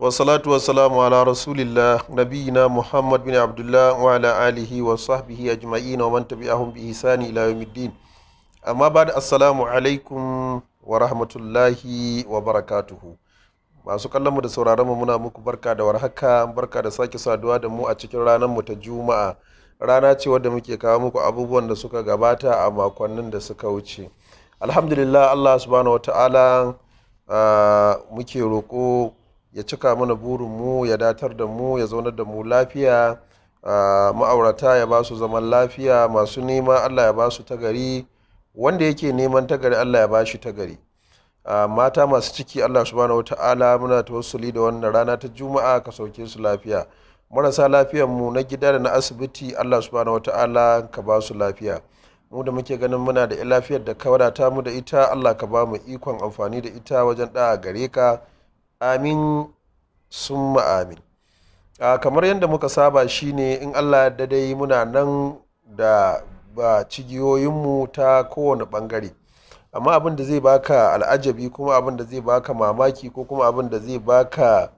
wasalatu wasalamu ala rasulillah nabiyina muhammad bin abdullah wa ala alihi wa sahbihi ajma'in wa man tabi'ahum bi ihsani ila yawmiddin amma ba'da assalamu alaikum wa rahmatullahi wa barakatuhu masu kallon mu da sauraron muna muku barka da warhaka barka da sake saduwa da mu a cikin ranar mu ta juma'a rana ce wadda muke kawo muku abubuwan da suka gabata a makonnin da suka wuce alhamdulillah allah subhanahu wa ta'ala ah, muke roƙo ya cika mana burin mu ya datar da mu ya zaunar da mu lafiya ah, ma'aurata ya ba su zaman lafiya masu nema allah ya ba su tagari wanda yake neman tagari allah ya ba shi tagari ah, mata masu ciki allah subhanahu wata'ala muna tawassuli da wannan rana ta juma'a ka sauke su lafiya marasa lafiyan mu na gida da na asibiti allah subhanahu wata'ala ka ba su lafiya mu da muke ganin muna da lafiyar da ka mu da ita allah ka ba mu ikon amfani da ita wajen ɗaya gare ka amin ma amin kamar yadda muka saba shine in allah da dai muna nan da ba cigiyoyinmu ta kowane bangare amma abin da zai baka al'ajabi kuma abin da zai baka mamaki ko kuma abin da zai baka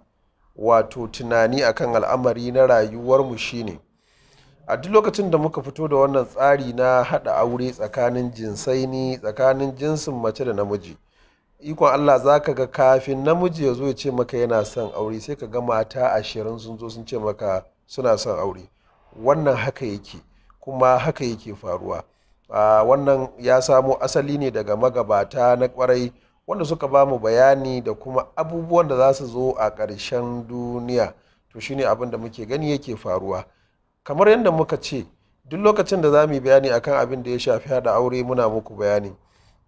wato tunani akan al'amari na rayuwarmu shine a duk lokacin da muka fito da wannan tsari na haɗa aure tsakanin jinsai ni tsakanin jinsin mace da namiji ikon Allah za ka ga kafin namiji ya zo ya ce maka yana son aure sai ka ga mata ashirin sun zo sun ce maka suna son aure wannan haka yake kuma haka yake faruwa wannan ya samo asali ne daga magabata na kwarai wanda suka ba mu bayani da kuma abubuwan da za su zo a ƙarshen duniya to shine abin da muke gani yake faruwa kamar yadda muka ce duk lokacin da za mu yi bayani akan abin da ya shafi haɗa aure muna muku bayani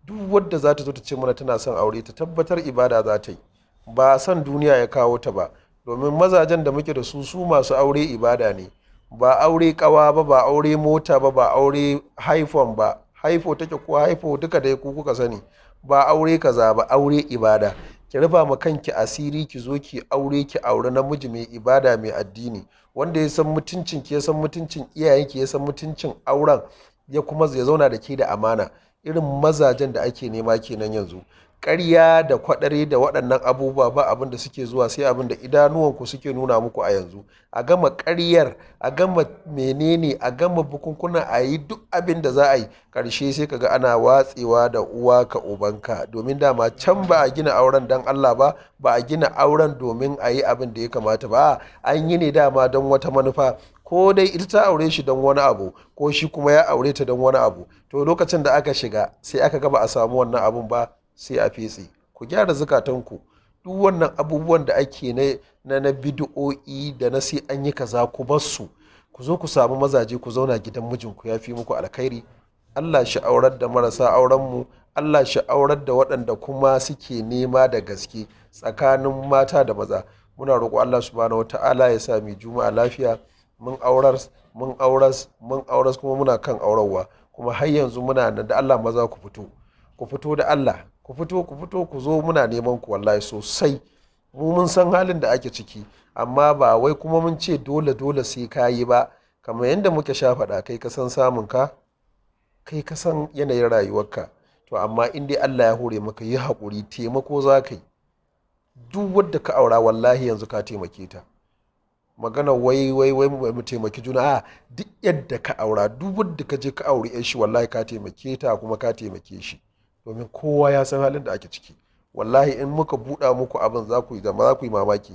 duk wadda za ta zo ta ce mana tana son aure ta tabbatar ibada za ta yi ba son duniya ya kawo ta ba domin mazajen da muke da su su masu aure ibada ne ba aure kawa ba ba aure mota ba ba aure haifon ba haifo take ko haifo duka dai ku kuka sani ba aure kaza ba aure ibada ki rufa ma kanki asiri ki zo ki aure ki aure namiji mai ibada mai addini wanda ya san mutuncin ki ya san mutuncin ki ya san mutuncin auren ya kuma ya zauna da ke da amana irin mazajen da ake nema kenan yanzu karya da kwaɗare da waɗannan abubuwa ba abin da suke zuwa sai abin da idanuwanku suke nuna muku a yanzu a gama karyar a gama menene a gama bukunkuna a yi duk abin da za a yi ƙarshe sai ka ga ana watsewa da uwa ka ubanka domin dama can ba a gina auren dan Allah ba ba a gina auren domin a yi abin da ya kamata ba an yi ne dama don wata manufa ko dai ita ta aure shi don wani abu ko shi kuma ya aure ta don wani abu to lokacin da aka shiga sai aka gaba a samu wannan abun ba sai a fetse ku gyara ku duk wannan abubuwan da ake na na bid'o'i da na sai an yi kaza ku bar su ku zo ku samu mazaje ku zauna gidan mijinku ya fi muku alkhairi Allah shi aurar da marasa auren mu Allah shi aurar da waɗanda kuma suke nema da gaske tsakanin mata da maza muna roƙo Allah subhanahu wata'ala ya sa mai juma'a lafiya mun auras mun auras mun auras kuma muna kan aurarwa kuma har yanzu muna nan da Allah maza ku fito ku fito da Allah ku fito ku fito ku zo muna neman ku wallahi sosai mu mun san halin da ake ciki amma ba wai kuma mun ce dole dole sai kayi ba kamar yadda muke sha faɗa kai ka san samun ka kai ka san yanayin rayuwarka to amma in dai Allah ya hore maka yi haƙuri taimako za ka yi duk wadda ka aura wallahi yanzu ka taimake ta magana wai wai wai mu taimaki juna a duk yadda ka aura duk wanda ka je ka auri yan shi wallahi ka taimake ta kuma ka taimake shi domin kowa ya san halin da ake ciki wallahi in muka buɗa muku abin za ku yi zama za ku yi mamaki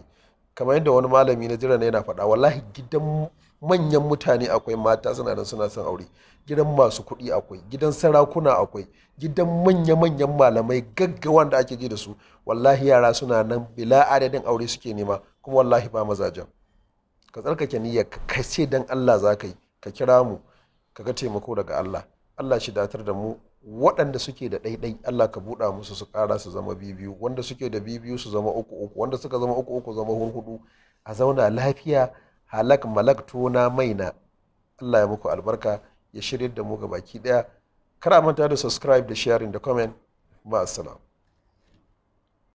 kamar yadda wani malami na jira na yana faɗa wallahi gidan manyan mutane akwai mata suna nan suna son aure gidan masu kuɗi akwai gidan sarakuna akwai gidan manya-manyan malamai gaggawan da ake ji da su wallahi yara suna nan bila adadin aure suke nema kuma wallahi ba mazajen. ka tsarkake niyyar ka ce dan Allah za ka yi ka kira mu ka ga taimako daga Allah Allah shi datar da mu waɗanda suke da ɗaiɗai Allah ka buɗa musu su ƙara su zama biyu wanda suke da biyu su zama uku uku wanda suka zama uku uku zama hudu a zauna lafiya halak malak tona na. Allah ya muku albarka ya shirya da mu ga baki ɗaya kar a manta da subscribe da sharing da comment ma